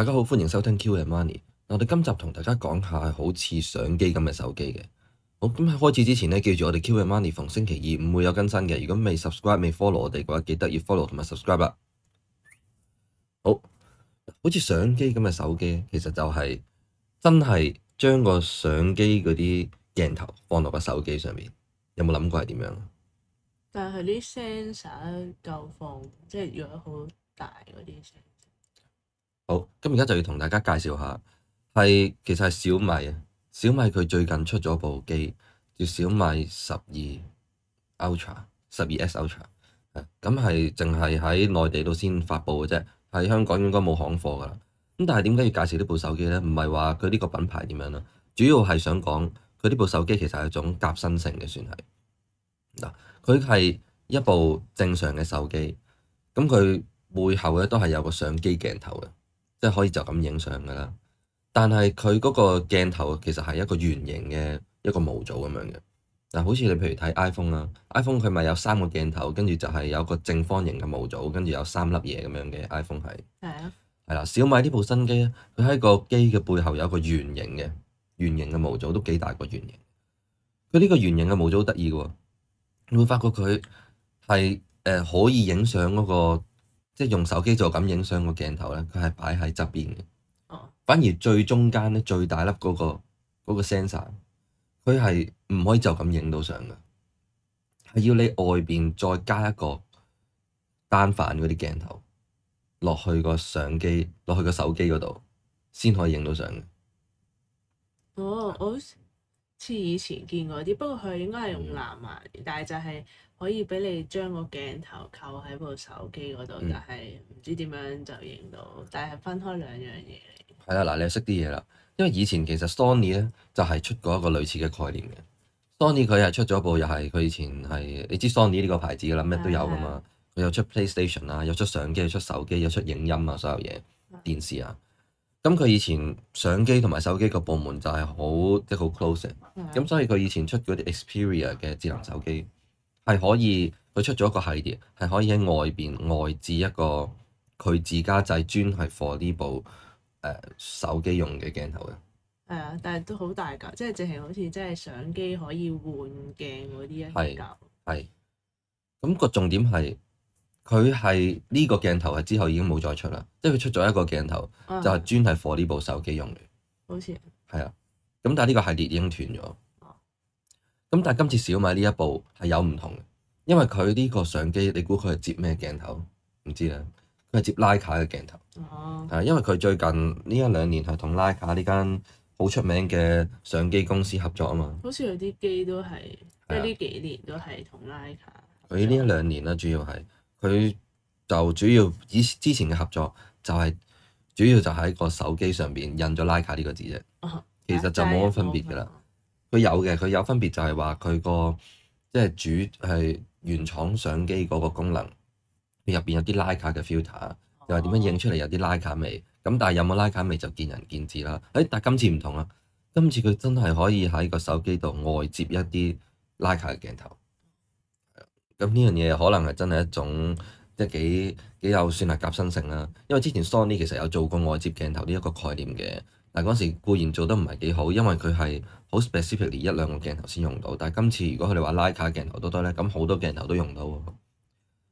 大家好，歡迎收聽 Q and Money。我哋今集同大家講下好似相機咁嘅手機嘅。好，咁喺開始之前呢，記住我哋 Q and Money 逢星期二唔會有更新嘅。如果未 subscribe、未 follow 我哋嘅話，記得要 follow 同埋 subscribe 啦，啊。好，好似相機咁嘅手機，其實就係真係將個相機嗰啲鏡頭放落個手機上面。有冇諗過係點樣？但就係啲 sensor 夠放，即係要好大嗰啲。好，咁而家就要同大家介紹下，係其實係小米啊。小米佢最近出咗部機叫小米十二 Ultra，十二 S Ultra，咁係淨係喺內地度先發布嘅啫。喺香港應該冇行貨噶啦。咁但係點解要介紹呢部手機咧？唔係話佢呢個品牌點樣啦，主要係想講佢呢部手機其實係一種革新性嘅算係嗱。佢係一部正常嘅手機，咁佢背後咧都係有個相機鏡頭嘅。即係可以就咁影相噶啦，但係佢嗰個鏡頭其實係一個圓形嘅一個模組咁樣嘅，嗱、啊、好似你譬如睇 iPhone 啊，iPhone 佢咪有三個鏡頭，跟住就係有個正方形嘅模組，跟住有三粒嘢咁樣嘅 iPhone 係。係啊。係啦，小米呢部新機，佢喺個機嘅背後有個圓形嘅圓形嘅模組，都幾大個圓形。佢呢個圓形嘅模組好得意嘅喎，你會發覺佢係誒可以影相嗰個。即係用手機就咁影相個鏡頭咧，佢係擺喺側邊嘅。Oh. 反而最中間咧，最大粒嗰個嗰、嗰個 sensor，佢係唔可以就咁影到相嘅，係要你外邊再加一個單反嗰啲鏡頭落去個相機，落去個手機嗰度先可以影到相嘅。哦，oh, 似以前見過啲，不過佢應該係用藍牙，嗯、但係就係可以俾你將個鏡頭扣喺部手機嗰度，嗯、但係唔知點樣就影到。但係分開兩樣嘢嚟。係啦，嗱，你又識啲嘢啦，因為以前其實 Sony 咧就係、是、出過一個類似嘅概念嘅。Sony 佢係出咗部又係佢以前係你知 Sony 呢個牌子㗎啦，咩都有㗎嘛。佢的有出 PlayStation 啦、啊，有出相機、有出手機、有出影音啊，所有嘢電視啊。咁佢、嗯、以前相機同埋手機個部門就係好即係好 close 嘅，咁、就係 Yeah. 嗯、所以佢以前出嗰啲 Xperia 嘅智能手機係可以，佢出咗一個系列係可以喺外邊外置一個佢自家製專係 for 呢部誒、呃、手機用嘅鏡頭嘅。係啊，但係都好大㗎，即係淨係好似即係相機可以換鏡嗰啲一嚿。係，咁、嗰個重點係。佢係呢個鏡頭係之後已經冇再出啦，即係佢出咗一個鏡頭、啊、就係專係 for 呢部手機用嘅，好似係啊。咁但係呢個系列已經斷咗。咁、啊、但係今次小米呢一部係有唔同嘅，因為佢呢個相機，你估佢係接咩鏡頭？唔知啊，佢係接 Leica 嘅鏡頭，係、啊、因為佢最近呢一兩年係同 Leica 呢間好出名嘅相機公司合作啊嘛。好似有啲機都係，即係呢幾年都係同 Leica。佢呢的一兩年啦，主要係。佢就主要以之前嘅合作就係主要就喺個手機上邊印咗 Leica 呢個字啫，其實就冇乜分別嘅啦。佢有嘅，佢有分別就係話、那個，佢個即係主係原廠相機嗰個功能，佢入邊有啲 Leica 嘅 filter，又話點樣影出嚟有啲 Leica 味。咁但係有冇 Leica 味就見仁見智啦。誒、哎，但係今次唔同啊，今次佢真係可以喺個手機度外接一啲 Leica 嘅鏡頭。咁呢樣嘢可能係真係一種即幾幾有算係革新性啦，因為之前 Sony 其實有做過外接鏡頭呢一個概念嘅，但嗰時固然做得唔係幾好，因為佢係好 specifically 一兩個鏡頭先用到，但係今次如果佢哋話拉卡鏡頭都得咧，咁好多鏡頭都用到喎。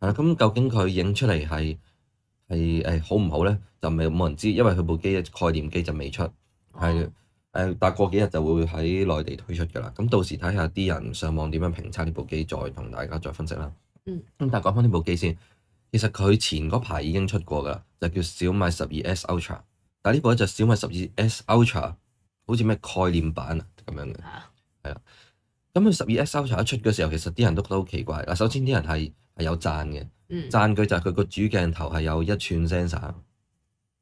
係啦，但究竟佢影出嚟係係誒好唔好呢？就唔係冇人知，因為佢部機概念機就未出，誒，但係過幾日就會喺內地推出㗎啦。咁到時睇下啲人上網點樣評測呢部機，再同大家再分析啦。嗯，咁但係講翻呢部機先，其實佢前嗰排已經出過㗎喇，就叫小米十二 S Ultra。但係呢部就小米十二 S Ultra 好似咩概念版啊？咁樣嘅，係啦、啊。咁佢十二 S Ultra 一出嘅時候，其實啲人都覺得好奇怪嗱。首先啲人係係有贊嘅，贊佢、嗯、就係佢個主鏡頭係有一寸 sensor，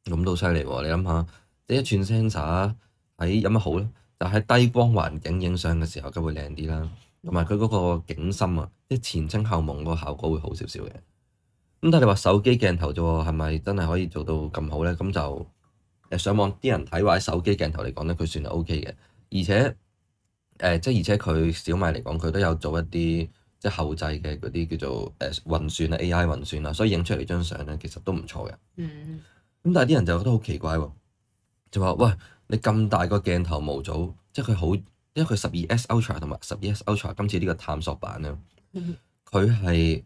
咁都犀利喎。你諗下，呢一寸 sensor。喺有乜好咧？就喺、是、低光環境影相嘅時候，梗會靚啲啦。同埋佢嗰個景深啊，即前清後朦個效果會好少少嘅。咁但係你話手機鏡頭啫喎、啊，係咪真係可以做到咁好咧？咁就誒上網啲人睇話喺手機鏡頭嚟講咧，佢算係 O K 嘅。而且誒，即、呃、係而且佢小米嚟講，佢都有做一啲即後製嘅嗰啲叫做誒運算啊 A I 運算啊，所以影出嚟張相咧，其實都唔錯嘅。嗯。咁但係啲人就覺得好奇怪喎、啊，就話喂。你咁大個鏡頭模組，即係佢好，因為佢十二 S Ultra 同埋十二 S Ultra 今次呢個探索版咧，佢係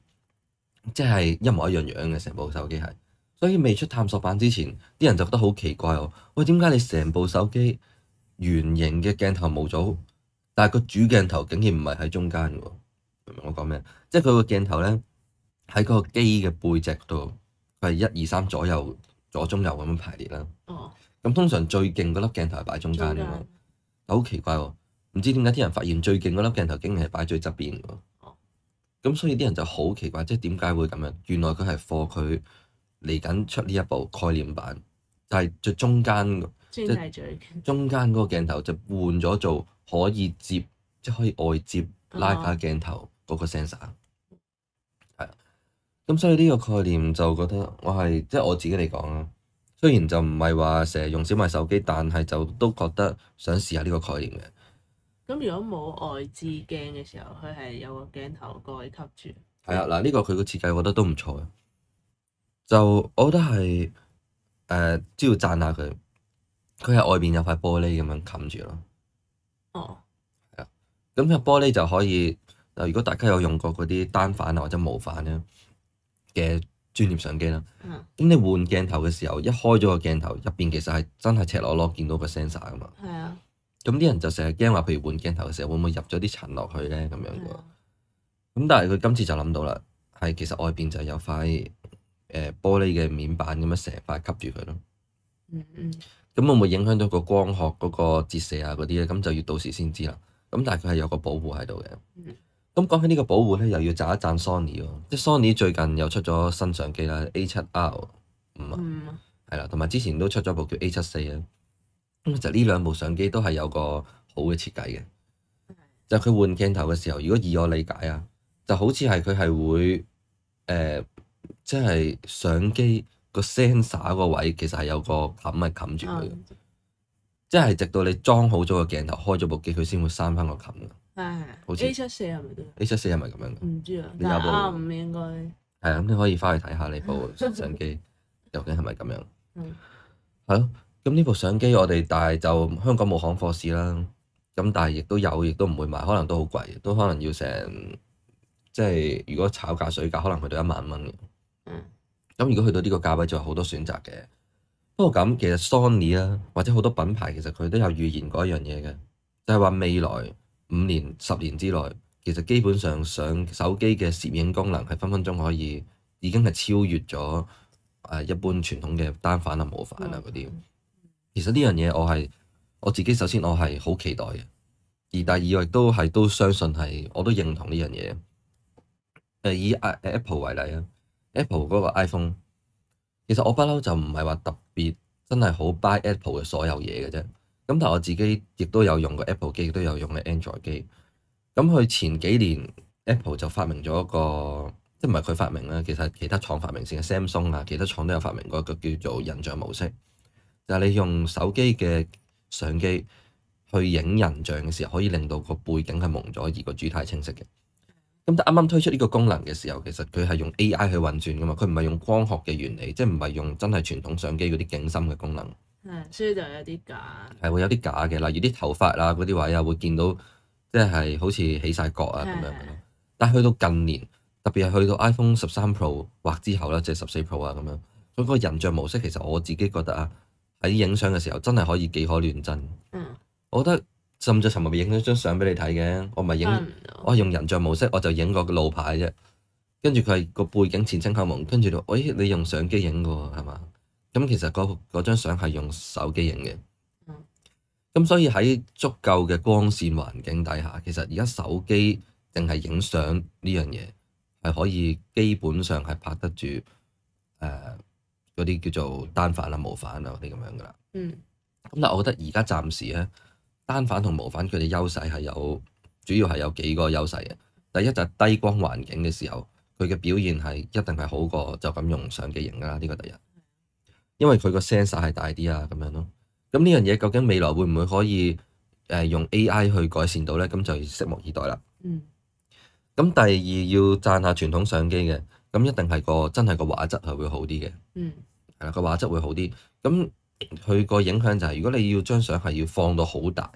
即係一模一樣樣嘅成部手機係。所以未出探索版之前，啲人就覺得好奇怪喎。喂，點解你成部手機圓形嘅鏡頭模組，但係個主鏡頭竟然唔係喺中間嘅？明唔明我講咩？即係佢個鏡頭咧，喺嗰個機嘅背脊度，佢係一二三、左右、左中右咁樣排列啦。咁通常最勁嗰粒鏡頭係擺中間嘅嘛，中間，但係好奇怪喎、啊，唔知點解啲人發現最勁嗰粒鏡頭竟然係擺最側邊嘅。哦，咁所以啲人就好奇怪，即係點解會咁樣？原來佢係貨佢嚟緊出呢一部概念版，但係最中間即係最中間嗰個鏡頭就換咗做可以接，即係可以外接拉架鏡頭嗰個 sensor。係、哦，咁所以呢個概念就覺得我係即係我自己嚟講啊。雖然就唔係話成日用小米手機，但係就都覺得想試下呢個概念嘅。咁如果冇外置鏡嘅時候，佢係有個鏡頭蓋吸住。係啊，嗱呢個佢個設計我覺得都唔錯。就我覺得係誒，都、呃、要讚下佢。佢係外邊有塊玻璃咁樣冚住咯。哦。係啊。咁佢玻璃就可以誒，如果大家有用過嗰啲單反啊或者無反咧嘅。專業相機啦，咁、嗯、你換鏡頭嘅時候，一開咗個鏡頭入邊，面其實係真係赤裸裸見到個 sensor 噶嘛。係啊、嗯，咁啲人就成日驚話，譬如換鏡頭嘅時候，會唔會入咗啲塵落去咧？咁樣噶。咁、嗯、但係佢今次就諗到啦，係其實外邊就有塊誒、呃、玻璃嘅面板咁樣成塊吸住佢咯。嗯嗯。咁會唔會影響到個光學嗰、嗰個折射啊嗰啲咧？咁就要到時先知啦。咁但係佢係有個保護喺度嘅。嗯咁講起呢個保護咧，又要讚一讚 Sony 喎、喔。即 Sony 最近又出咗新相機啦，A 七 R 五啊，係啦、嗯，同埋之前都出咗部叫 A 七四啊。就呢兩部相機都係有個好嘅設計嘅，就佢換鏡頭嘅時候，如果以我理解啊，就好似係佢係會誒，即、呃、係、就是、相機個 sensor 個位其實係有個冚係冚住佢，嘅、嗯，即係直到你裝好咗個鏡頭，開咗部機，佢先會閂翻個冚。係，好似 A 七四係咪都 A 七四係咪咁樣噶？唔知啊，你有冇？五應該係啊。咁你可以翻去睇下呢部相機究竟係咪咁樣。嗯。係咯，咁呢部相機我哋但係就香港冇行貨市啦，咁但係亦都有，亦都唔會賣，可能都好貴，都可能要成即係如果炒價水價，可能去到一萬蚊。嗯。咁如果去到呢個價位，就有好多選擇嘅。不過咁，其實 Sony 啊，或者好多品牌其實佢都有預言過一樣嘢嘅，就係話未來。五年、十年之內，其實基本上上手機嘅攝影功能係分分鐘可以，已經係超越咗、呃、一般傳統嘅單反啊、無反啊嗰啲。其實呢樣嘢我係我自己首先我係好期待嘅，而第二我亦都係都相信係我都認同呢樣嘢。呃、以 Apple 為例啊，Apple 嗰個 iPhone，其實我不嬲就唔係話特別真係好 Buy Apple 嘅所有嘢嘅啫。咁但係我自己亦都有用過 Apple 機，亦都有用過 Android 機。咁佢前幾年 Apple 就發明咗一個，即係唔係佢發明啦，其實其他廠發明先嘅 Samsung 啊，其他廠都有發明過一個叫做人像模式，就係、是、你用手機嘅相機去影人像嘅時候，可以令到個背景係蒙咗而個主體清晰嘅。咁就啱啱推出呢個功能嘅時候，其實佢係用 A.I. 去運轉噶嘛，佢唔係用光學嘅原理，即係唔係用真係傳統相機嗰啲景深嘅功能。嗯、所以就有啲假係會有啲假嘅，例如啲頭髮啦嗰啲位啊，會見到即係好似起晒角啊咁、嗯、樣。但係去到近年，特別係去到 iPhone 十三 Pro 或之後啦，即係十四 Pro 啊咁樣，佢、那、嗰個人像模式其實我自己覺得啊，喺影相嘅時候真係可以幾可亂真。嗯、我覺得甚至尋日咪影咗張相俾你睇嘅，我咪影我用人像模式，我就影過個路牌啫，跟住佢係個背景前清後蒙，跟住就，咦、哎、你用相機影嘅係嘛？咁其實嗰張相係用手機影嘅，咁所以喺足夠嘅光線環境底下，其實而家手機淨係影相呢樣嘢係可以基本上係拍得住誒嗰啲叫做單反啊、無反啊嗰啲咁樣噶啦。咁、嗯、但係我覺得而家暫時咧，單反同無反佢哋優勢係有主要係有幾個優勢嘅。第一就係低光環境嘅時候，佢嘅表現係一定係好過就咁用相機影㗎啦。呢個第一。因為佢個 sensor 係大啲啊，咁樣咯、啊。咁呢樣嘢究竟未來會唔會可以誒、呃、用 AI 去改善到呢？咁就拭目以待啦。嗯。咁第二要讚下傳統相機嘅，咁一定係個真係個畫質係會好啲嘅。嗯。係啦、啊，個畫質會好啲。咁佢個影響就係、是，如果你要張相係要放到好大，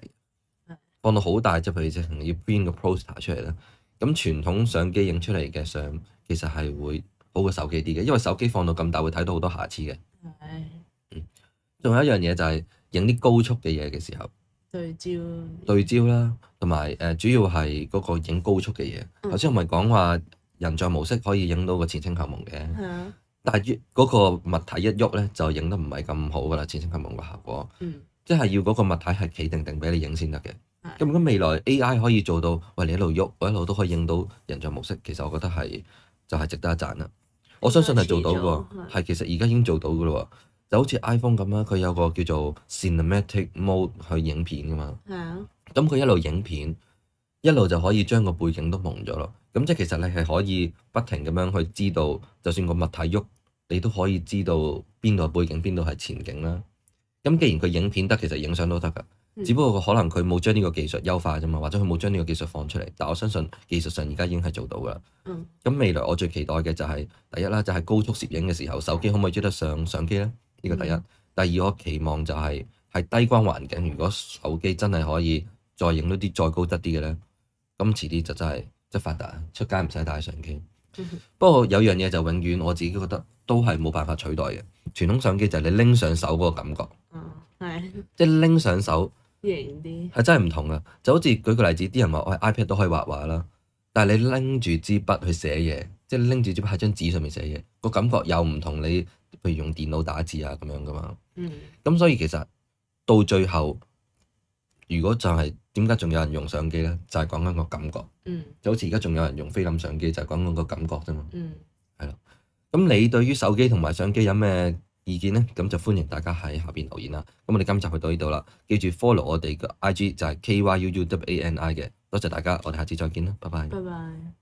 嗯、放到好大，即係譬如即係要編個 poster 出嚟啦。咁傳統相機影出嚟嘅相其實係會好過手機啲嘅，因為手機放到咁大會睇到好多瑕疵嘅。係，仲、嗯、有一樣嘢就係影啲高速嘅嘢嘅時候，對焦，對焦啦，同埋誒，主要係嗰個影高速嘅嘢。頭先、嗯、我咪講話人像模式可以影到個前清後矇嘅，嗯、但係嗰個物體一喐呢，就影得唔係咁好噶啦，前清後矇個效果。即係、嗯、要嗰個物體係企定定俾你影先得嘅。咁如果未來 AI 可以做到，喂你一路喐，我一路都可以影到人像模式，其實我覺得係就係、是、值得一讚啦。我相信係做到嘅，係、嗯、其實而家已經做到嘅嘞喎，就好似 iPhone 咁啦，佢有個叫做 Cinematic Mode 去影片嘅嘛，咁佢、嗯、一路影片一路就可以將個背景都蒙咗咯，咁即係其實你係可以不停咁樣去知道，就算個物體喐，你都可以知道邊度係背景，邊度係前景啦。咁既然佢影片得，其實影相都得㗎。只不過可能佢冇將呢個技術優化啫嘛，或者佢冇將呢個技術放出嚟。但我相信技術上而家已經係做到㗎。咁、嗯、未來我最期待嘅就係、是、第一啦，就係、是、高速攝影嘅時候，手機可唔可以追得上相機咧？呢、呢個第一。嗯、第二我期望就係、是、係低光環境，如果手機真係可以再影到啲再高質啲嘅咧，咁遲啲就真係即係發達，出街唔使帶相機。嗯、不過有樣嘢就永遠我自己覺得都係冇辦法取代嘅，傳統相機就係你拎上手嗰個感覺。哦、嗯，即係拎上手。型係真係唔同噶，就好似舉個例子，啲人話我係 iPad 都可以畫畫啦，但係你拎住支筆去寫嘢，即係拎住支筆喺張紙上面寫嘢，個感覺又唔同你，譬如用電腦打字啊咁樣噶嘛。嗯。咁所以其實到最後，如果就係點解仲有人用相機呢？就係講緊個感覺。嗯。就好似而家仲有人用菲林相機，就係講緊個感覺啫嘛。嗯。係咯。咁你對於手機同埋相機有咩意見呢，咁就歡迎大家喺下面留言啦。咁我哋今集去到呢度啦，記住 follow 我哋嘅 IG 就係 kyuuwani 嘅。多謝大家，我哋下次再見啦，拜拜。拜拜。